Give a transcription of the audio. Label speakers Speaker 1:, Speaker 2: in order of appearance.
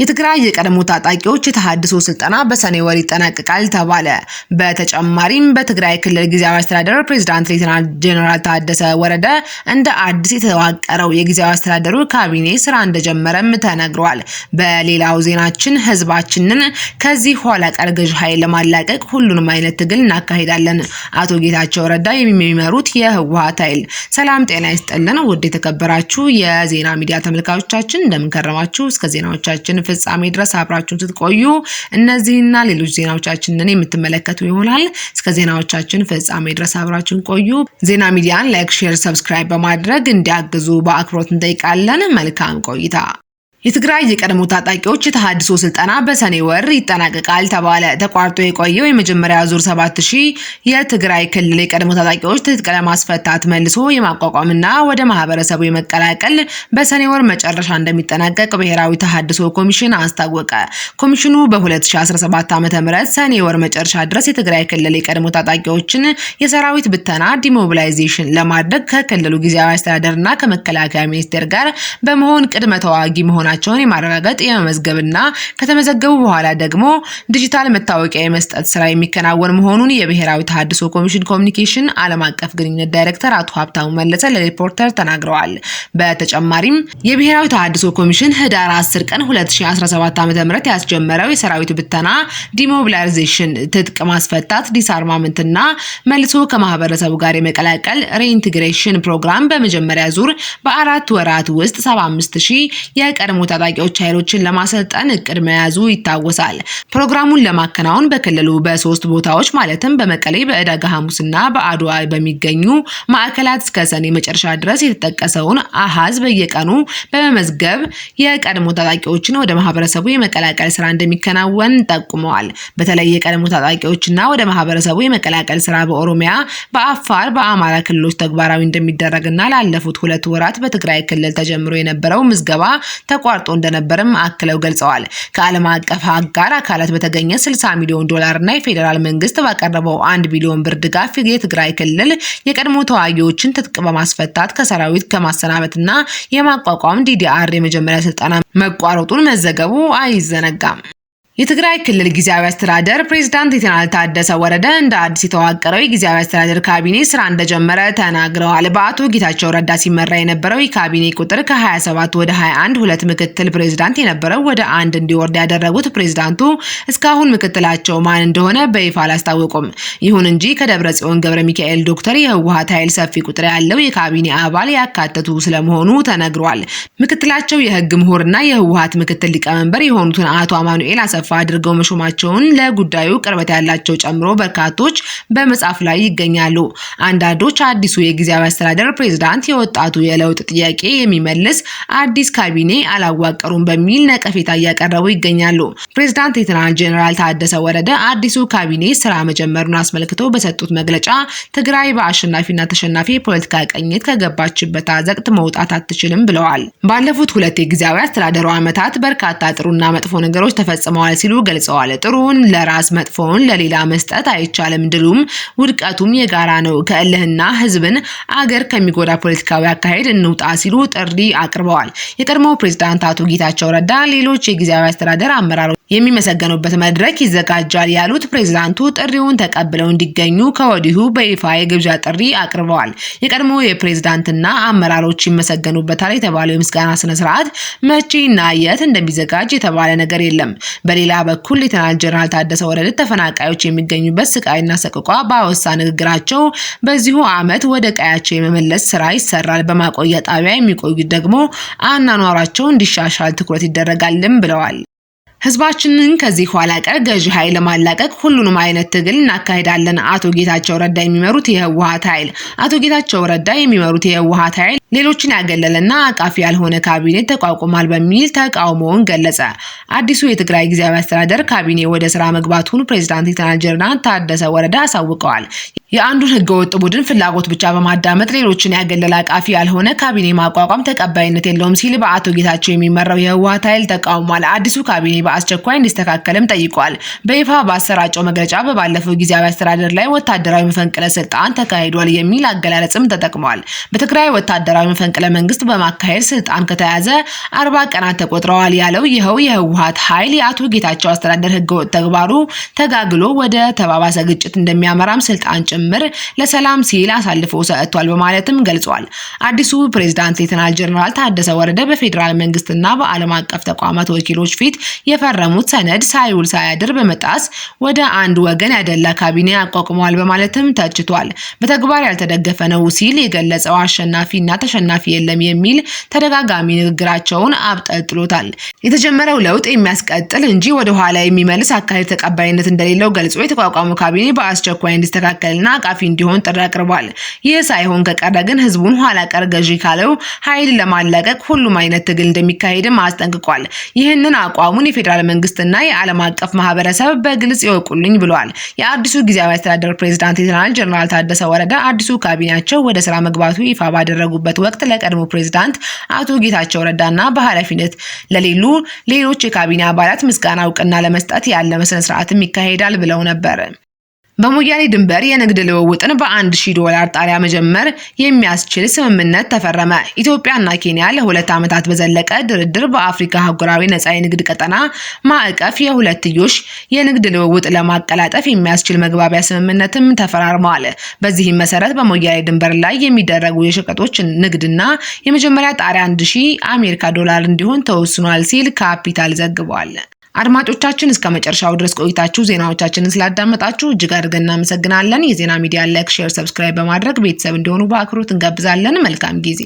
Speaker 1: የትግራይ የቀድሞ ታጣቂዎች የተሃድሶ ስልጠና በሰኔ ወር ይጠናቀቃል ተባለ። በተጨማሪም በትግራይ ክልል ጊዜያዊ አስተዳደር ፕሬዚዳንት ሌተናል ጄኔራል ታደሰ ወረደ እንደ አዲስ የተዋቀረው የጊዜያዊ አስተዳደሩ ካቢኔ ስራ እንደጀመረም ተነግሯል። በሌላው ዜናችን ህዝባችንን ከዚህ ኋላ ቀር ገዥ ኃይል ለማላቀቅ ሁሉንም አይነት ትግል እናካሂዳለን አቶ ጌታቸው ረዳ የሚመሩት የህወሀት ኃይል። ሰላም ጤና ይስጠልን። ውድ የተከበራችሁ የዜና ሚዲያ ተመልካቾቻችን እንደምንከረማችሁ እስከ ዜናዎቻችን ፍጻሜ ድረስ አብራችሁን ስትቆዩ እነዚህና ሌሎች ዜናዎቻችንን የምትመለከቱ ይሆናል። እስከ ዜናዎቻችን ፍጻሜ ድረስ አብራችሁን ቆዩ። ዜና ሚዲያን ላይክ፣ ሼር፣ ሰብስክራይብ በማድረግ እንዲያግዙ በአክብሮት እንጠይቃለን። መልካም ቆይታ የትግራይ የቀድሞ ታጣቂዎች የተሃድሶ ስልጠና በሰኔ ወር ይጠናቀቃል ተባለ። ተቋርጦ የቆየው የመጀመሪያ ዙር 7000 የትግራይ ክልል የቀድሞ ታጣቂዎች ትጥቅ ለማስፈታት መልሶ የማቋቋምና ወደ ማህበረሰቡ የመቀላቀል በሰኔ ወር መጨረሻ እንደሚጠናቀቅ ብሔራዊ ተሃድሶ ኮሚሽን አስታወቀ። ኮሚሽኑ በ2017 .ም ሰኔ ወር መጨረሻ ድረስ የትግራይ ክልል የቀድሞ ታጣቂዎችን የሰራዊት ብተና ዲሞቢላይዜሽን ለማድረግ ከክልሉ ጊዜያዊ አስተዳደርና ከመከላከያ ሚኒስቴር ጋር በመሆን ቅድመ ተዋጊ መሆን መሆናቸውን የማረጋገጥ የመመዝገብና ከተመዘገቡ በኋላ ደግሞ ዲጂታል መታወቂያ የመስጠት ስራ የሚከናወን መሆኑን የብሔራዊ ተሃድሶ ኮሚሽን ኮሚኒኬሽን ዓለም አቀፍ ግንኙነት ዳይሬክተር አቶ ሀብታሙ መለሰ ለሪፖርተር ተናግረዋል። በተጨማሪም የብሔራዊ ተሃድሶ ኮሚሽን ህዳር 10 ቀን 2017 ዓ ም ያስጀመረው የሰራዊት ብተና ዲሞቢላይዜሽን፣ ትጥቅ ማስፈታት፣ ዲስአርማመንትና መልሶ ከማህበረሰቡ ጋር የመቀላቀል ሪኢንቴግሬሽን ፕሮግራም በመጀመሪያ ዙር በአራት ወራት ውስጥ 75 ሺህ የቀድሞ የቀድሞ ታጣቂዎች ኃይሎችን ለማሰልጠን እቅድ መያዙ ይታወሳል። ፕሮግራሙን ለማከናወን በክልሉ በሶስት ቦታዎች ማለትም በመቀሌ፣ በዕዳጋ ሐሙስና በአድዋ በሚገኙ ማዕከላት እስከ ሰኔ መጨረሻ ድረስ የተጠቀሰውን አሃዝ በየቀኑ በመመዝገብ የቀድሞ ታጣቂዎችን ወደ ማህበረሰቡ የመቀላቀል ስራ እንደሚከናወን ጠቁመዋል። በተለይ የቀድሞ ታጣቂዎችና ወደ ማህበረሰቡ የመቀላቀል ስራ በኦሮሚያ፣ በአፋር፣ በአማራ ክልሎች ተግባራዊ እንደሚደረግና ላለፉት ሁለት ወራት በትግራይ ክልል ተጀምሮ የነበረው ምዝገባ ተቋርጦ እንደነበርም አክለው ገልጸዋል። ከዓለም አቀፍ አጋር አካላት በተገኘ 60 ሚሊዮን ዶላር እና የፌዴራል መንግስት ባቀረበው አንድ ቢሊዮን ብር ድጋፍ የትግራይ ክልል የቀድሞ ተዋጊዎችን ትጥቅ በማስፈታት ከሰራዊት ከማሰናበትና የማቋቋም ዲዲአር የመጀመሪያ ስልጠና መቋረጡን መዘገቡ አይዘነጋም። የትግራይ ክልል ጊዜያዊ አስተዳደር ፕሬዚዳንት ሌተናል ታደሰ ወረደ እንደ አዲስ የተዋቀረው የጊዜያዊ አስተዳደር ካቢኔ ስራ እንደጀመረ ተናግረዋል። በአቶ ጌታቸው ረዳ ሲመራ የነበረው የካቢኔ ቁጥር ከ27 ወደ 21፣ ሁለት ምክትል ፕሬዝዳንት የነበረው ወደ አንድ እንዲወርድ ያደረጉት ፕሬዝዳንቱ እስካሁን ምክትላቸው ማን እንደሆነ በይፋ አላስታወቁም። ይሁን እንጂ ከደብረ ጽዮን ገብረ ሚካኤል ዶክተር የህወሀት ኃይል ሰፊ ቁጥር ያለው የካቢኔ አባል ያካተቱ ስለመሆኑ ተነግሯል። ምክትላቸው የህግ ምሁርና የህወሀት ምክትል ሊቀመንበር የሆኑትን አቶ አማኑኤል አሰፋ የተስፋ አድርገው መሾማቸውን ለጉዳዩ ቅርበት ያላቸው ጨምሮ በርካቶች በመጻፍ ላይ ይገኛሉ። አንዳንዶች አዲሱ የጊዜያዊ አስተዳደር ፕሬዝዳንት የወጣቱ የለውጥ ጥያቄ የሚመልስ አዲስ ካቢኔ አላዋቀሩም በሚል ነቀፌታ እያቀረቡ ይገኛሉ። ፕሬዝዳንት ሌተናል ጄኔራል ታደሰ ወረደ አዲሱ ካቢኔ ስራ መጀመሩን አስመልክቶ በሰጡት መግለጫ ትግራይ በአሸናፊና ተሸናፊ የፖለቲካ ቀኝት ከገባችበት አዘቅት መውጣት አትችልም ብለዋል። ባለፉት ሁለት የጊዜያዊ አስተዳደሩ ዓመታት በርካታ ጥሩና መጥፎ ነገሮች ተፈጽመዋል ሲሉ ገልጸዋል። ጥሩውን ለራስ መጥፎውን ለሌላ መስጠት አይቻልም። ድሉም ውድቀቱም የጋራ ነው። ከእልህና ህዝብን አገር ከሚጎዳ ፖለቲካዊ አካሄድ እንውጣ ሲሉ ጥሪ አቅርበዋል። የቀድሞው ፕሬዝዳንት አቶ ጌታቸው ረዳ ሌሎች የጊዜያዊ አስተዳደር አመራሮች የሚመሰገኑበት መድረክ ይዘጋጃል ያሉት ፕሬዝዳንቱ ጥሪውን ተቀብለው እንዲገኙ ከወዲሁ በይፋ የግብዣ ጥሪ አቅርበዋል። የቀድሞ የፕሬዝዳንትና አመራሮች ይመሰገኑበታል የተባለው የምስጋና ስነ ስርዓት መቼና የት እንደሚዘጋጅ የተባለ ነገር የለም። በሌላ በኩል ሌተናል ጀነራል ታደሰ ወረደ ተፈናቃዮች የሚገኙበት ስቃይና ሰቅቋ በአወሳ ንግግራቸው በዚሁ ዓመት ወደ ቀያቸው የመመለስ ስራ ይሰራል፣ በማቆያ ጣቢያ የሚቆዩት ደግሞ አናኗራቸው እንዲሻሻል ትኩረት ይደረጋልም ብለዋል። ህዝባችንን ከዚህ ኋላ ቀር ገዢ ኃይል ለማላቀቅ ሁሉንም አይነት ትግል እናካሄዳለን። አቶ ጌታቸው ረዳ የሚመሩት የህወሀት ኃይል አቶ ጌታቸው ረዳ የሚመሩት የህወሀት ኃይል ሌሎችን ያገለለና አቃፊ ያልሆነ ካቢኔ ተቋቁሟል በሚል ተቃውሞውን ገለጸ። አዲሱ የትግራይ ጊዜያዊ አስተዳደር ካቢኔ ወደ ስራ መግባቱን ፕሬዚዳንት ሌተናል ጀነራል ታደሰ ወረዳ አሳውቀዋል። የአንዱን ህገወጥ ቡድን ፍላጎት ብቻ በማዳመጥ ሌሎችን ያገለለ አቃፊ ያልሆነ ካቢኔ ማቋቋም ተቀባይነት የለውም ሲል በአቶ ጌታቸው የሚመራው የህወሀት ኃይል ተቃውሟል። አዲሱ ካቢኔ በአስቸኳይ እንዲስተካከልም ጠይቋል። በይፋ በአሰራጨው መግለጫ በባለፈው ጊዜያዊ አስተዳደር ላይ ወታደራዊ መፈንቅለ ስልጣን ተካሂዷል የሚል አገላለጽም ተጠቅሟል። በትግራይ ወታደራዊ ህዝባዊ መፈንቅለ መንግስት በማካሄድ ስልጣን ከተያዘ አርባ ቀናት ተቆጥረዋል ያለው ይኸው የህወሀት ኃይል የአቶ ጌታቸው አስተዳደር ህገወጥ ተግባሩ ተጋግሎ ወደ ተባባሰ ግጭት እንደሚያመራም ስልጣን ጭምር ለሰላም ሲል አሳልፎ ሰጥቷል በማለትም ገልጿል። አዲሱ ፕሬዝዳንት ሌተናል ጀነራል ታደሰ ወረደ በፌዴራል መንግስትና በዓለም አቀፍ ተቋማት ወኪሎች ፊት የፈረሙት ሰነድ ሳይውል ሳያድር በመጣስ ወደ አንድ ወገን ያደላ ካቢኔ አቋቁመዋል በማለትም ተችቷል። በተግባር ያልተደገፈ ነው ሲል የገለጸው አሸናፊና ተሸናፊ የለም የሚል ተደጋጋሚ ንግግራቸውን አብጠልጥሎታል። የተጀመረው ለውጥ የሚያስቀጥል እንጂ ወደ ኋላ የሚመልስ አካሄድ ተቀባይነት እንደሌለው ገልጾ የተቋቋመው ካቢኔ በአስቸኳይ እንዲስተካከልና አቃፊ እንዲሆን ጥሪ አቅርቧል። ይህ ሳይሆን ከቀረ ግን ህዝቡን ኋላ ቀር ገዢ ካለው ኃይል ለማላቀቅ ሁሉም አይነት ትግል እንደሚካሄድም አስጠንቅቋል። ይህንን አቋሙን የፌዴራል መንግስትና የዓለም አቀፍ ማህበረሰብ በግልጽ ይወቁልኝ ብለዋል። የአዲሱ ጊዜያዊ አስተዳደር ፕሬዚዳንት ሌተናል ጀነራል ታደሰ ወረደ አዲሱ ካቢኔያቸው ወደ ስራ መግባቱ ይፋ ባደረጉበት በሚያደርጉበት ወቅት ለቀድሞ ፕሬዚዳንት አቶ ጌታቸው ረዳና በኃላፊነት ለሌሉ ሌሎች የካቢኔ አባላት ምስጋና እውቅና ለመስጠት ያለመ ስነስርዓትም ይካሄዳል ብለው ነበር። በሙያሌ ድንበር የንግድ ልውውጥን በአንድ ሺህ ዶላር ጣሪያ መጀመር የሚያስችል ስምምነት ተፈረመ። ኢትዮጵያና ኬንያ ለሁለት ዓመታት በዘለቀ ድርድር በአፍሪካ አህጉራዊ ነፃ የንግድ ቀጠና ማዕቀፍ የሁለትዮሽ የንግድ ልውውጥ ለማቀላጠፍ የሚያስችል መግባቢያ ስምምነትም ተፈራርመዋል። በዚህም መሰረት በሙያሌ ድንበር ላይ የሚደረጉ የሸቀጦች ንግድና የመጀመሪያ ጣሪያ አንድ ሺህ አሜሪካ ዶላር እንዲሆን ተወስኗል ሲል ካፒታል ዘግቧል። አድማጮቻችን እስከ መጨረሻው ድረስ ቆይታችሁ ዜናዎቻችንን ስላዳመጣችሁ እጅግ አድርገን እናመሰግናለን። የዜና ሚዲያ ላይክ፣ ሼር፣ ሰብስክራይብ በማድረግ ቤተሰብ እንዲሆኑ በአክብሮት እንጋብዛለን። መልካም ጊዜ